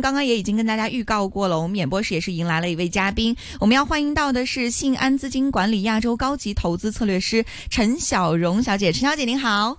剛剛也已經跟大家預告過了，我們演播室也是迎來了一位嘉賓，我們要歡迎到的是信安資金管理亞洲高級投資策略師陳曉蓉小姐，陳小姐您好。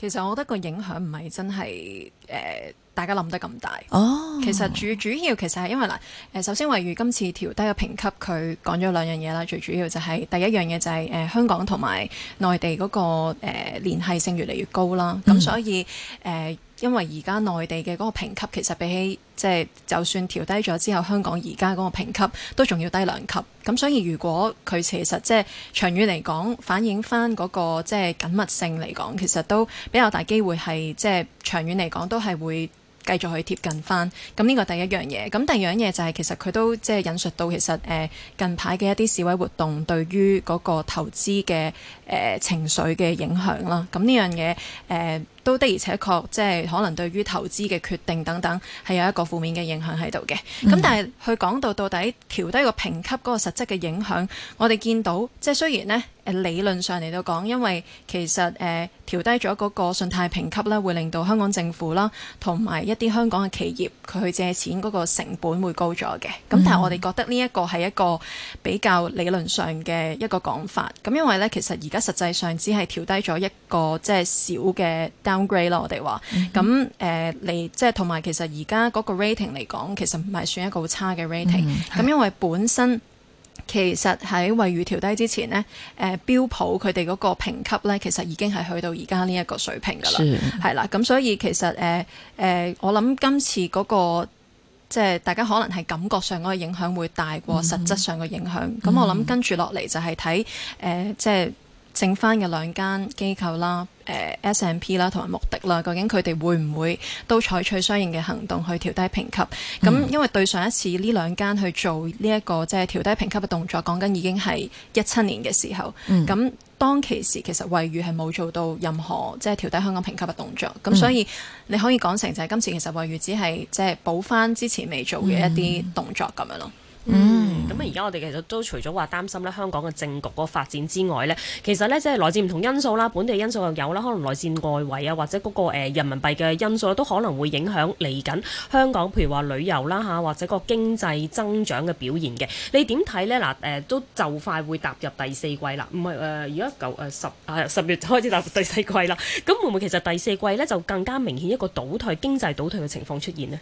其實我覺得個影響唔係真係誒、呃，大家諗得咁大。哦、oh.，其實主主要其實係因為嗱，首先惠譽今次調低嘅評級，佢講咗兩樣嘢啦。最主要就係、是、第一樣嘢就係、是呃、香港同埋內地嗰、那個聯聯、呃、繫性越嚟越高啦。咁所以誒、mm. 呃，因為而家內地嘅嗰個評級其實比起即係就算調低咗之後，香港而家嗰個評級都仲要低兩級，咁所以如果佢其實即係長遠嚟講，反映翻嗰個即係緊密性嚟講，其實都比較大機會係即係長遠嚟講都係會繼續去貼近翻。咁呢個第一樣嘢。咁第二樣嘢就係其實佢都即係引述到其實誒近排嘅一啲示威活動對於嗰個投資嘅誒情緒嘅影響啦。咁呢樣嘢誒。呃都的而且確即係可能對於投資嘅決定等等，係有一個負面嘅影響喺度嘅。咁、mm -hmm. 但係佢講到到底調低個評級嗰個實質嘅影響，我哋見到即係雖然咧誒、呃、理論上嚟到講，因為其實誒調、呃、低咗嗰個信貸評級咧，會令到香港政府啦同埋一啲香港嘅企業，佢去借錢嗰個成本會高咗嘅。咁、mm -hmm. 但係我哋覺得呢一個係一個比較理論上嘅一個講法。咁因為咧，其實而家實際上只係調低咗一個即係、就是、小嘅。好 g r a t 咯，我哋話咁誒嚟，即係同埋其實而家嗰個 rating 嚟講，其實唔係算一個好差嘅 rating。咁、mm -hmm. 因為本身其實喺惠譽調低之前呢，誒、呃、標普佢哋嗰個評級咧，其實已經係去到而家呢一個水平噶啦，係啦。咁所以其實誒誒、呃呃，我諗今次嗰、那個即係大家可能係感覺上嗰個影響會大過實質上嘅影響。咁、mm -hmm. 我諗跟住落嚟就係睇誒即係。剩翻嘅兩間機構啦，誒、呃、S＆P 啦同埋穆迪啦，究竟佢哋會唔會都採取相應嘅行動去調低評級？咁、mm. 因為對上一次呢兩間去做呢、這、一個即係、就是、調低評級嘅動作，講緊已經係一七年嘅時候。咁、mm. 當其時其實惠譽係冇做到任何即係、就是、調低香港評級嘅動作。咁、mm. 所以你可以講成就係今次其實惠譽只係即係補翻之前未做嘅一啲動作咁樣咯。嗯，咁而家我哋其實都除咗話擔心咧香港嘅政局個發展之外，呢其實呢，即係來自唔同因素啦，本地因素又有啦，可能來自外圍啊，或者嗰個人民幣嘅因素都可能會影響嚟緊香港，譬如話旅遊啦嚇，或者個經濟增長嘅表現嘅。你點睇呢？嗱、呃、都就快會踏入第四季啦，唔係誒，而家十啊十月開始踏入第四季啦。咁會唔會其實第四季呢，就更加明顯一個倒退經濟倒退嘅情況出現呢？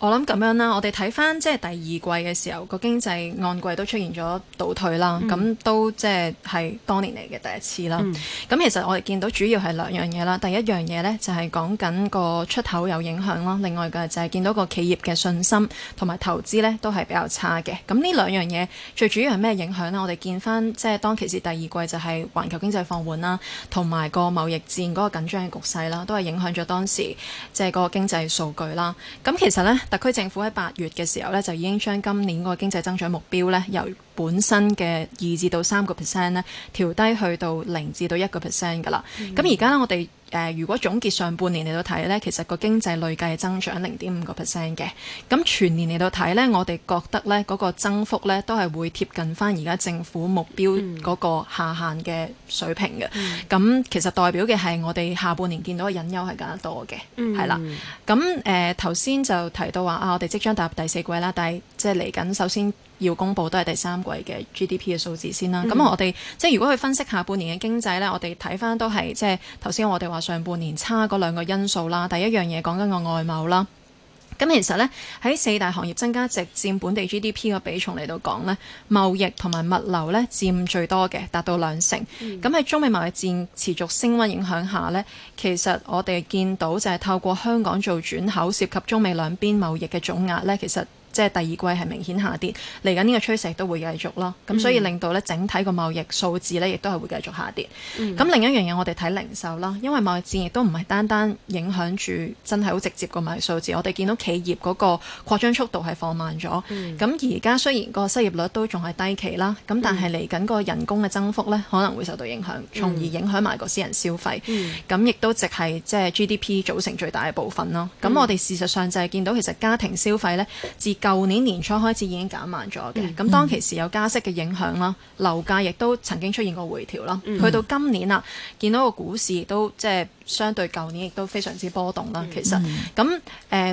我諗咁樣啦，我哋睇翻即係第二季嘅時候，個經濟按季都出現咗倒退啦，咁、嗯、都即係係當年嚟嘅第一次啦。咁、嗯、其實我哋見到主要係兩樣嘢啦，第一樣嘢呢，就係講緊個出口有影響啦，另外嘅就係見到個企業嘅信心同埋投資呢都係比較差嘅。咁呢兩樣嘢最主要係咩影響呢？我哋見翻即係當其時第二季就係環球經濟放緩啦，同埋個貿易戰嗰個緊張嘅局勢啦，都係影響咗當時即係個經濟數據啦。咁其實呢。特區政府喺八月嘅時候咧，就已經將今年個經濟增長目標咧，由本身嘅二至到三個 percent 咧，調低去到零至到一個 percent 㗎啦。咁而家咧我哋呃、如果總結上半年嚟到睇呢，其實個經濟累計增長零點五個 percent 嘅，咁全年嚟到睇呢，我哋覺得呢嗰、嗰個增幅呢，都係會貼近返而家政府目標嗰個下限嘅水平嘅。咁、嗯、其實代表嘅係我哋下半年見到嘅隱憂係更加多嘅，係、嗯、啦。咁誒頭先就提到話啊，我哋即將踏入第四季啦，但係即係嚟緊首先，要公布都係第三季嘅 GDP 嘅數字先啦。咁、嗯、我哋即係如果去分析下半年嘅經濟呢，我哋睇翻都係即係頭先我哋話上半年差嗰兩個因素啦。第一樣嘢講緊個外貿啦。咁其實呢，喺四大行業增加值佔本地 GDP 嘅比重嚟到講呢，貿易同埋物流呢佔最多嘅，達到兩成。咁、嗯、喺中美貿易戰持續升溫影響下呢，其實我哋見到就係透過香港做轉口，涉及中美兩邊貿易嘅總額呢，其實。即係第二季係明顯下跌，嚟緊呢個趨勢都會繼續咯。咁、嗯、所以令到咧整體個貿易數字咧，亦都係會繼續下跌。咁、嗯、另一樣嘢我哋睇零售啦，因為貿易戰亦都唔係單單影響住真係好直接個貿易數字。我哋見到企業嗰個擴張速度係放慢咗。咁而家雖然個失業率都仲係低企啦，咁但係嚟緊個人工嘅增幅咧可能會受到影響，從而影響埋個私人消費。咁亦都直係即係 GDP 組成最大嘅部分咯。咁、嗯、我哋事實上就係見到其實家庭消費咧自舊年年初開始已經減慢咗嘅，咁、嗯、當其時有加息嘅影響啦、嗯，樓價亦都曾經出現過回調啦、嗯。去到今年啦，見到個股市都即係相對舊年亦都非常之波動啦、嗯。其實咁誒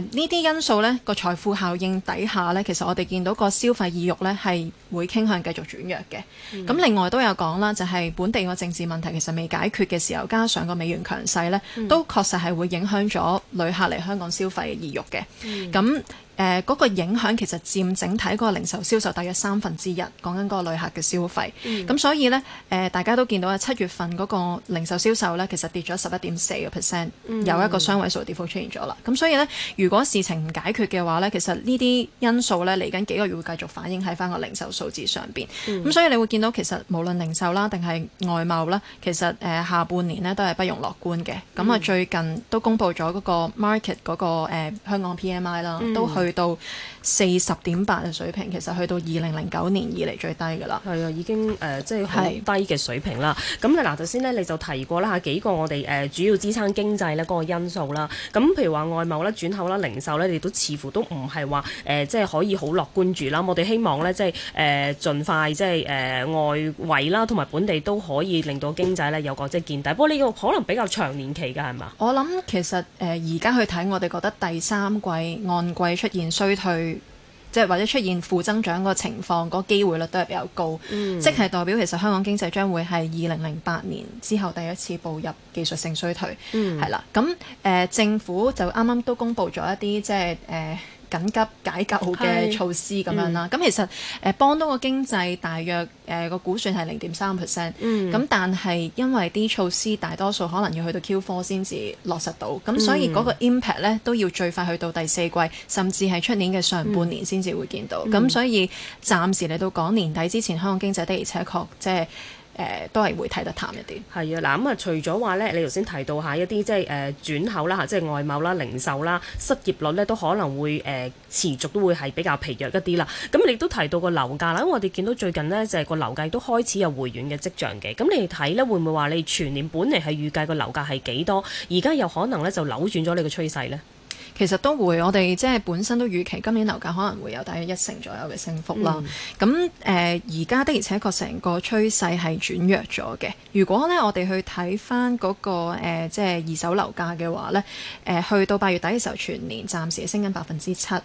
呢啲因素呢，個財富效應底下呢，其實我哋見到個消費意欲呢係會傾向繼續轉弱嘅。咁、嗯、另外都有講啦，就係、是、本地個政治問題其實未解決嘅時候，加上個美元強勢呢，都確實係會影響咗旅客嚟香港消費嘅意欲嘅。咁、嗯誒、呃、嗰、那個影響其實佔整體個個零售銷售大約三分之一，講緊嗰個旅客嘅消費。咁、mm. 嗯、所以呢，呃、大家都見到啊，七月份嗰個零售銷售呢，其實跌咗十一點四個 percent，有一個雙位數嘅跌幅出現咗啦。咁、嗯、所以呢，如果事情唔解決嘅話呢，其實呢啲因素呢，嚟緊幾個月會繼續反映喺翻個零售數字上面。咁、mm. 嗯、所以你會見到其實無論零售啦，定係外貿啦，其實、呃、下半年呢都係不容樂觀嘅。咁、mm. 啊、嗯，最近都公布咗嗰個 market 嗰、那個、呃、香港 PMI 啦，mm. 都去。去到四十點八嘅水平，其實去到二零零九年以嚟最低㗎啦。係啊，已經誒、呃、即係好低嘅水平啦。咁誒嗱，首先頭先呢，你就提過啦嚇，幾個我哋誒、呃、主要支撐經濟呢嗰個因素啦。咁譬如話外貿啦、轉口啦、零售呢，你都似乎都唔係話誒即係可以好樂觀住啦。我哋希望呢，即係誒、呃、盡快即係誒、呃、外圍啦，同埋本地都可以令到經濟呢有個即係見底。不過呢個可能比較長年期㗎係嘛？我諗其實誒而家去睇，我哋覺得第三季按季出現延衰退，即係或者出現負增長個情況，個機會率都係比較高，mm. 即係代表其實香港經濟將會係二零零八年之後第一次步入技術性衰退，係、mm. 啦。咁誒、呃，政府就啱啱都公布咗一啲即係誒。呃緊急解救嘅措施咁樣啦，咁、okay. 嗯、其實幫到個經濟大約個、呃、估算係零點三 percent，咁但係因為啲措施大多數可能要去到 Q4 先至落實到，咁、嗯、所以嗰個 impact 呢都要最快去到第四季，甚至係出年嘅上半年先至會見到，咁、嗯、所以暫時嚟到講年底之前，香港經濟的而且確即、就、係、是。誒、呃、都係會睇得淡一啲，係啊。嗱，咁啊除咗話咧，你頭先提到下一啲即係誒、呃、轉口啦，即係外貿啦、零售啦，失業率咧都可能會誒、呃、持續都會係比較疲弱一啲啦。咁你都提到個樓價啦，因為我哋見到最近呢，就係、是、個樓價都開始有回暖嘅跡象嘅。咁你哋睇咧會唔會話你全年本嚟係預計個樓價係幾多，而家有可能咧就扭轉咗你個趨勢咧？其實都會，我哋即係本身都預期今年樓價可能會有大約一成左右嘅升幅啦、嗯。咁誒，而、呃、家的而且確成個趨勢係轉弱咗嘅。如果呢，我哋去睇翻嗰個、呃、即係二手樓價嘅話呢誒、呃、去到八月底嘅時候，全年暫時升緊百分之七。咁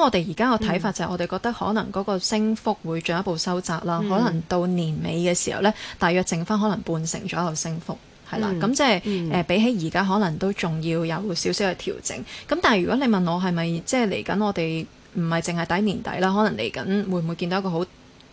我哋而家嘅睇法就係，我哋覺得可能嗰個升幅會進一步收窄啦、嗯。可能到年尾嘅時候呢，大約剩翻可能半成左右升幅。係啦，咁即係誒、嗯嗯呃、比起而家可能都仲要有少少嘅調整。咁但係如果你問我係咪即係嚟緊我哋唔係淨係底年底啦，可能嚟緊會唔會見到一個好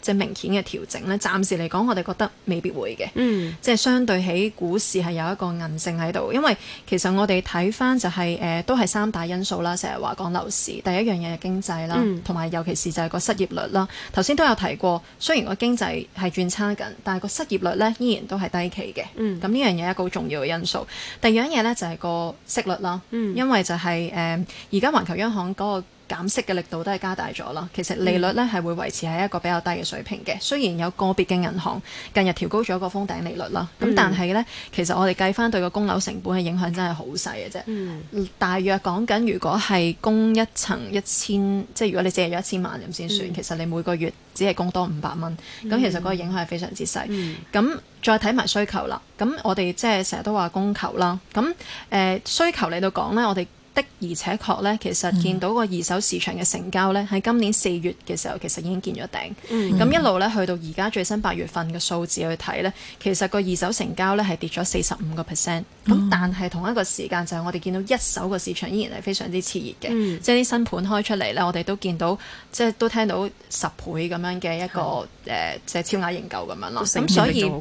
即明顯嘅調整咧，暫時嚟講，我哋覺得未必會嘅。嗯，即係相對起股市係有一個韌性喺度，因為其實我哋睇翻就係、是、誒、呃、都係三大因素啦。成日話講樓市，第一樣嘢係經濟啦，同、嗯、埋尤其是就係個失業率啦。頭先都有提過，雖然個經濟係轉差緊，但係個失業率咧依然都係低企嘅。嗯，咁呢樣嘢一個好重要嘅因素。第二樣嘢咧就係個息率啦，嗯、因為就係誒而家環球央行嗰、那個。減息嘅力度都係加大咗啦，其實利率咧係會維持喺一個比較低嘅水平嘅、嗯。雖然有個別嘅銀行近日調高咗個封頂利率啦，咁、嗯嗯、但係咧，其實我哋計翻對個供樓成本嘅影響真係好細嘅啫。嗯、大約講緊如果係供一層一千，即係如果你借咗一千萬咁先算、嗯，其實你每個月只係供多五百蚊，咁、嗯、其實嗰個影響係非常之細。咁、嗯、再睇埋需求啦，咁我哋即係成日都話供求啦，咁誒、呃、需求嚟到講咧，我哋。.的而且確咧，其實見到個二手市場嘅成交咧，喺、嗯、今年四月嘅時候，其實已經見咗頂。咁、嗯、一路咧去到而家最新八月份嘅數字去睇咧，其實個二手成交咧係跌咗四十五個 percent。咁、嗯、但係同一個時間就係、是、我哋見到一手嘅市場依然係非常之熾熱嘅，即係啲新盤開出嚟咧，我哋都見到即係都聽到十倍咁樣嘅一個誒，即、嗯、係、呃就是、超額認購咁樣囉。咁、嗯、所以。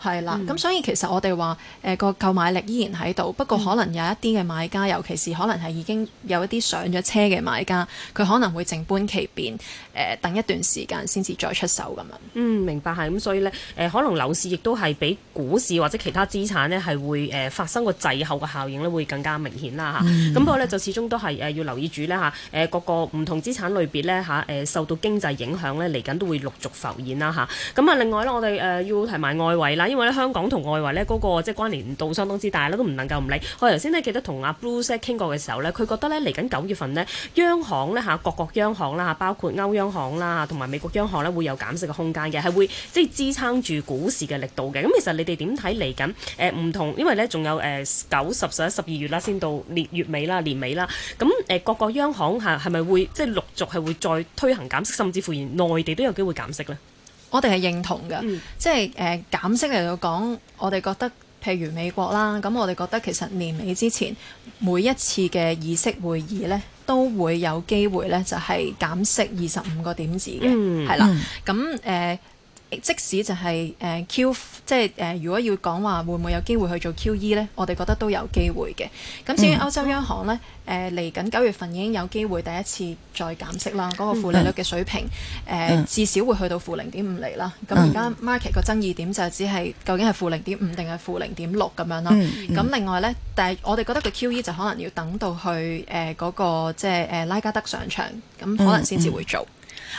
係啦，咁、嗯、所以其實我哋話誒個購買力依然喺度，不過可能有一啲嘅買家、嗯，尤其是可能係已經有一啲上咗車嘅買家，佢可能會靜觀其變、呃，等一段時間先至再出手咁樣。嗯，明白係咁，所以呢、呃，可能樓市亦都係比股市或者其他資產呢係會誒發生個滯後嘅效應呢會更加明顯啦嚇。咁、嗯啊、不過呢就始終都係要留意住呢，嚇誒各個唔同資產類別呢，嚇、啊、受到經濟影響呢，嚟緊都會陸續浮現啦嚇。咁啊另外呢，我哋要提埋外圍啦。因為咧香港同外圍咧嗰個即係關聯度相當之大咧，都唔能夠唔理。我頭先咧記得同阿 Bruce 傾過嘅時候咧，佢覺得咧嚟緊九月份咧，央行咧嚇各國央行啦，包括歐央行啦，同埋美國央行咧會有減息嘅空間嘅，係會即係、就是、支撐住股市嘅力度嘅。咁其實你哋點睇嚟緊？誒唔同，因為咧仲有誒九十十一十二月啦，先到年月尾啦、年尾啦。咁誒各國央行嚇係咪會即係、就是、陸續係會再推行減息，甚至乎連內地都有機會減息呢？我哋係認同嘅，即係誒、呃、減息嚟到講，我哋覺得譬如美國啦，咁我哋覺得其實年尾之前每一次嘅議息會議呢，都會有機會呢就係、是、減息二十五個點子嘅，係、嗯、啦，咁、嗯、誒。即使就係、是、誒、呃、Q，即係誒、呃，如果要講話會唔會有機會去做 QE 呢？我哋覺得都有機會嘅。咁至於歐洲央行呢，誒嚟緊九月份已經有機會第一次再減息啦。嗰、那個負利率嘅水平誒、嗯呃，至少會去到負零點五厘啦。咁而家 market 個爭議點就只係究竟係負零點五定係負零點六咁樣啦。咁、嗯嗯、另外呢，但係我哋覺得個 QE 就可能要等到去誒嗰、呃那個即係誒拉加德上場，咁可能先至會做。嗯嗯。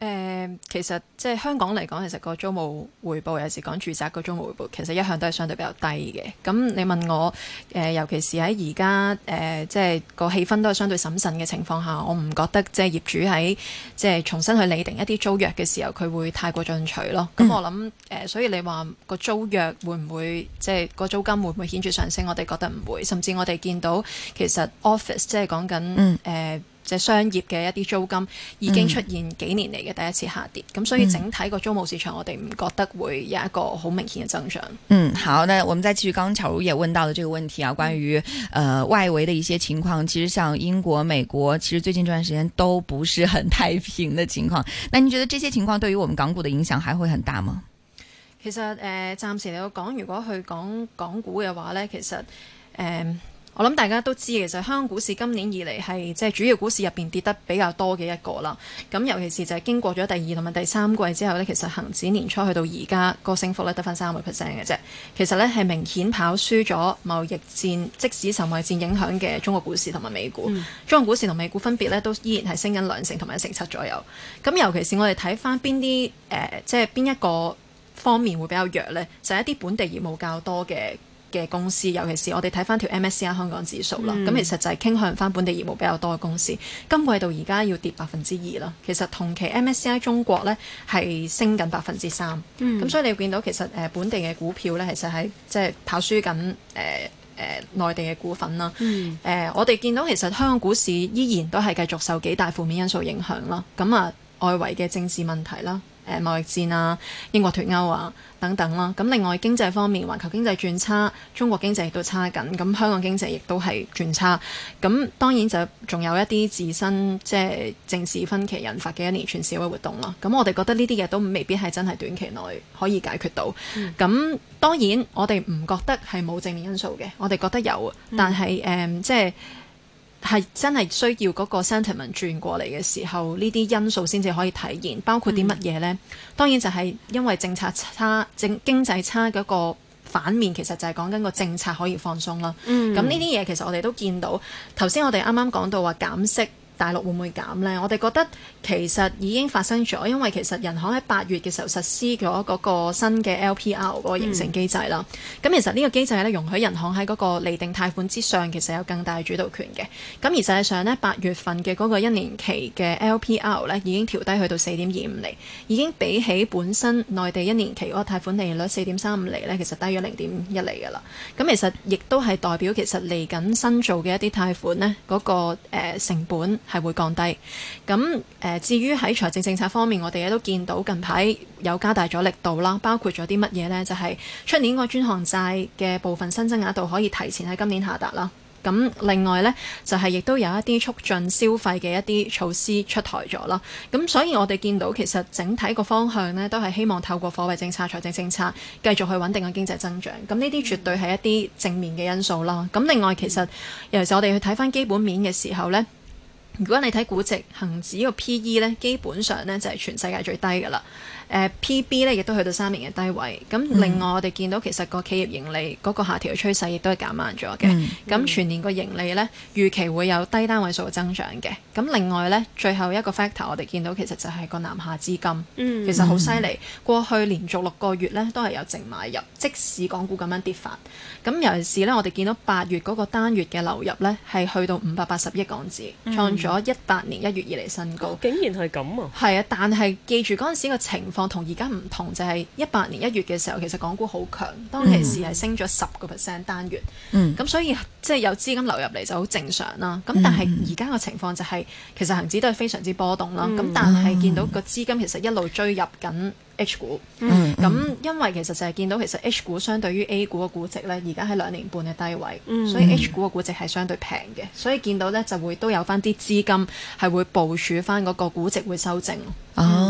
誒、呃，其實即係香港嚟講，其實個租務回報，有時講住宅個租務回報，其實一向都係相對比較低嘅。咁你問我，呃、尤其是喺而家，誒、呃，即、就、係、是、個氣氛都係相對審慎嘅情況下，我唔覺得即係業主喺即係重新去擬定一啲租約嘅時候，佢會太過進取咯。咁我諗、嗯呃，所以你話個租約會唔會即係、就是、個租金會唔會顯著上升？我哋覺得唔會。甚至我哋見到其實 office 即係講緊誒。嗯呃即商業嘅一啲租金已經出現幾年嚟嘅第一次下跌，咁、嗯、所以整體個租務市場我哋唔覺得會有一個好明顯嘅增長。嗯，好，那我們再繼續剛剛巧如也問到的這個問題啊，關於呃外圍的一些情況，其實像英國、美國，其實最近這段時間都不是很太平嘅情況。那您覺得這些情況對於我們港股的影響還會很大嗎？其實誒、呃，暫時嚟講，如果去講港股嘅話呢，其實誒。呃我諗大家都知，其實香港股市今年以嚟係即係主要股市入邊跌得比較多嘅一個啦。咁尤其是就係經過咗第二同埋第三季之後呢，其實恒指年初去到而家個升幅呢得翻三個 percent 嘅啫。其實呢係明顯跑輸咗貿易戰，即使受貿易戰影響嘅中國股市同埋美股。嗯、中國股市同美股分別呢都依然係升緊兩成同埋一成七左右。咁尤其是我哋睇翻邊啲誒，即係邊一個方面會比較弱呢？就係一啲本地業務較多嘅嘅公司，尤其是我哋睇翻條 MSCI 香港指數啦，咁、嗯、其實就係傾向翻本地業務比較多嘅公司。今季度而家要跌百分之二啦，其實同期 MSCI 中國咧係升緊百分之三，咁、嗯、所以你會見到其實誒本地嘅股票咧，其實係即係跑輸緊誒誒內地嘅股份啦。誒、嗯呃，我哋見到其實香港股市依然都係繼續受幾大負面因素影響啦，咁啊，外圍嘅政治問題啦。誒貿易戰啊，英國脫歐啊，等等啦、啊。咁另外經濟方面，環球經濟轉差，中國經濟亦都差緊，咁香港經濟亦都係轉差。咁當然就仲有一啲自身即係政治分歧引發嘅一年全社會活動啦。咁我哋覺得呢啲嘢都未必係真係短期內可以解決到。咁、嗯、當然我哋唔覺得係冇正面因素嘅，我哋覺得有，嗯、但係、嗯、即係。係真係需要嗰個 sentiment 轉過嚟嘅時候，呢啲因素先至可以體現，包括啲乜嘢呢？嗯、當然就係因為政策差、政經濟差嗰個反面，其實就係講緊個政策可以放鬆啦。咁呢啲嘢其實我哋都見到，頭先我哋啱啱講到話減息。大陸會唔會減呢？我哋覺得其實已經發生咗，因為其實人行喺八月嘅時候實施咗嗰個新嘅 LPR 嗰個形成機制啦。咁、嗯、其實個機呢個機制咧容許人行喺嗰個釐定貸款之上，其實有更大主導權嘅。咁而實際上呢，八月份嘅嗰個一年期嘅 LPR 呢，已經調低去到四點二五厘，已經比起本身內地一年期嗰個貸款利率四點三五厘呢，其實低咗零點一厘噶啦。咁其實亦都係代表其實嚟緊新做嘅一啲貸款呢，嗰、嗰個、呃、成本。係會降低咁誒、呃。至於喺財政政策方面，我哋亦都見到近排有加大咗力度啦，包括咗啲乜嘢呢？就係、是、出年個專項債嘅部分新增額度可以提前喺今年下達啦。咁另外呢，就係、是、亦都有一啲促進消費嘅一啲措施出台咗啦。咁所以我哋見到其實整體個方向呢，都係希望透過貨幣政策、財政政策繼續去穩定個經濟增長。咁呢啲絕對係一啲正面嘅因素啦。咁另外其實，尤其係我哋去睇翻基本面嘅時候呢。如果你睇估值、恒指個 P/E 呢，基本上呢就係全世界最低㗎啦。誒、呃、PB 咧亦都去到三年嘅低位，咁另外我哋見到其實個企業盈利嗰個下調嘅趨勢亦都係減慢咗嘅，咁、嗯、全年個盈利咧預期會有低單位數嘅增長嘅，咁另外咧最後一個 factor 我哋見到其實就係個南下資金，嗯、其實好犀利，過去連續六個月咧都係有淨買入，即使港股咁樣跌法，咁尤其是咧我哋見到八月嗰個單月嘅流入咧係去到五百八十億港紙，創咗一八年一月以嚟新高，啊、竟然係咁啊！係啊，但係記住嗰陣時個情況。同而家唔同就係一八年一月嘅時候，其實港股好強，當其時係升咗十個 percent 單月，咁、嗯、所以即係有資金流入嚟就好正常啦。咁、嗯、但係而家嘅情況就係、是、其實恒指都係非常之波動啦。咁、嗯、但係見到個資金其實一路追入緊 H 股。咁、嗯、因為其實就係見到其實 H 股相對於 A 股嘅估值呢，而家喺兩年半嘅低位、嗯，所以 H 股嘅估值係相對平嘅。所以見到呢就會都有翻啲資金係會部署翻嗰個股值會修正。哦。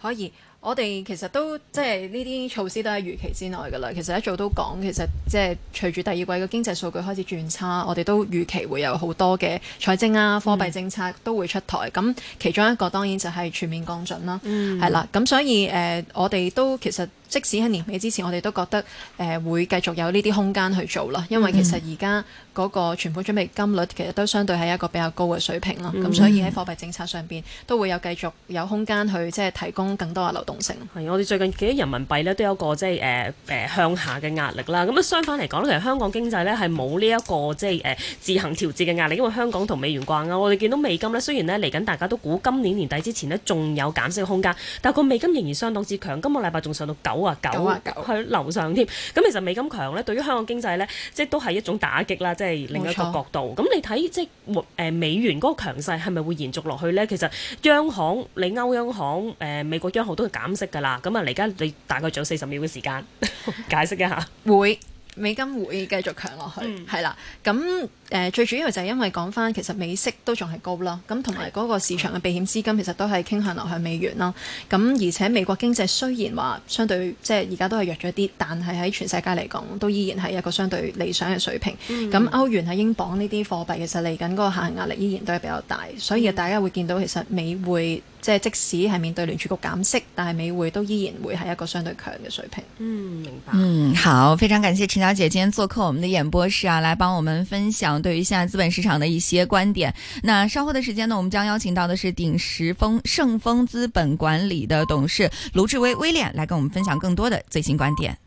可以，我哋其實都即係呢啲措施都係預期之內㗎啦。其實一早都講，其實即係隨住第二季嘅經濟數據開始轉差，我哋都預期會有好多嘅財政啊、貨幣政策都會出台。咁、嗯、其中一個當然就係全面降準啦，係、嗯、啦。咁所以、呃、我哋都其實。即使喺年尾之前，我哋都覺得誒、呃、會繼續有呢啲空間去做啦，因為其實而家嗰個存款準備金率其實都相對係一個比較高嘅水平咯。咁所以喺貨幣政策上邊都會有繼續有空間去即係提供更多嘅流動性。係，我哋最近見到人民幣呢，都有一個即係誒誒向下嘅壓力啦。咁啊相反嚟講其實香港經濟呢、就是，係冇呢一個即係誒自行調節嘅壓力，因為香港同美元掛鈎，我哋見到美金呢，雖然呢嚟緊大家都估今年年底之前呢，仲有減息嘅空間，但係美金仍然相當之強。今個禮拜仲上到九。九啊九去樓上添，咁其實美金強咧，對於香港經濟咧，即係都係一種打擊啦，即係另一個角度。咁你睇即係誒美元嗰個強勢係咪會延續落去咧？其實央行你歐央行誒、呃、美國央行都係減息噶啦。咁啊，而家你大概仲有四十秒嘅時間 解釋一下。會。美金會繼續強落去，係、嗯、啦。咁誒、呃、最主要就係因為講返，其實美息都仲係高啦。咁同埋嗰個市場嘅避險資金其實都係傾向流向美元啦。咁而且美國經濟雖然話相對即係而家都係弱咗啲，但係喺全世界嚟講都依然係一個相對理想嘅水平。咁、嗯、歐元喺英鎊呢啲貨幣其實嚟緊嗰個下行壓力依然都係比較大，所以大家會見到其實美匯。即使係面對聯儲局減息，但係美匯都依然會係一個相對強嘅水平。嗯，明白。嗯，好，非常感謝陳小姐今天做客我們的演播室啊，來幫我們分享對於現在資本市場的一些觀點。那稍後嘅時間呢，我們將邀請到嘅是鼎石豐盛豐資本,本管理嘅董事盧志威威廉， 來跟我們分享更多嘅最新觀點。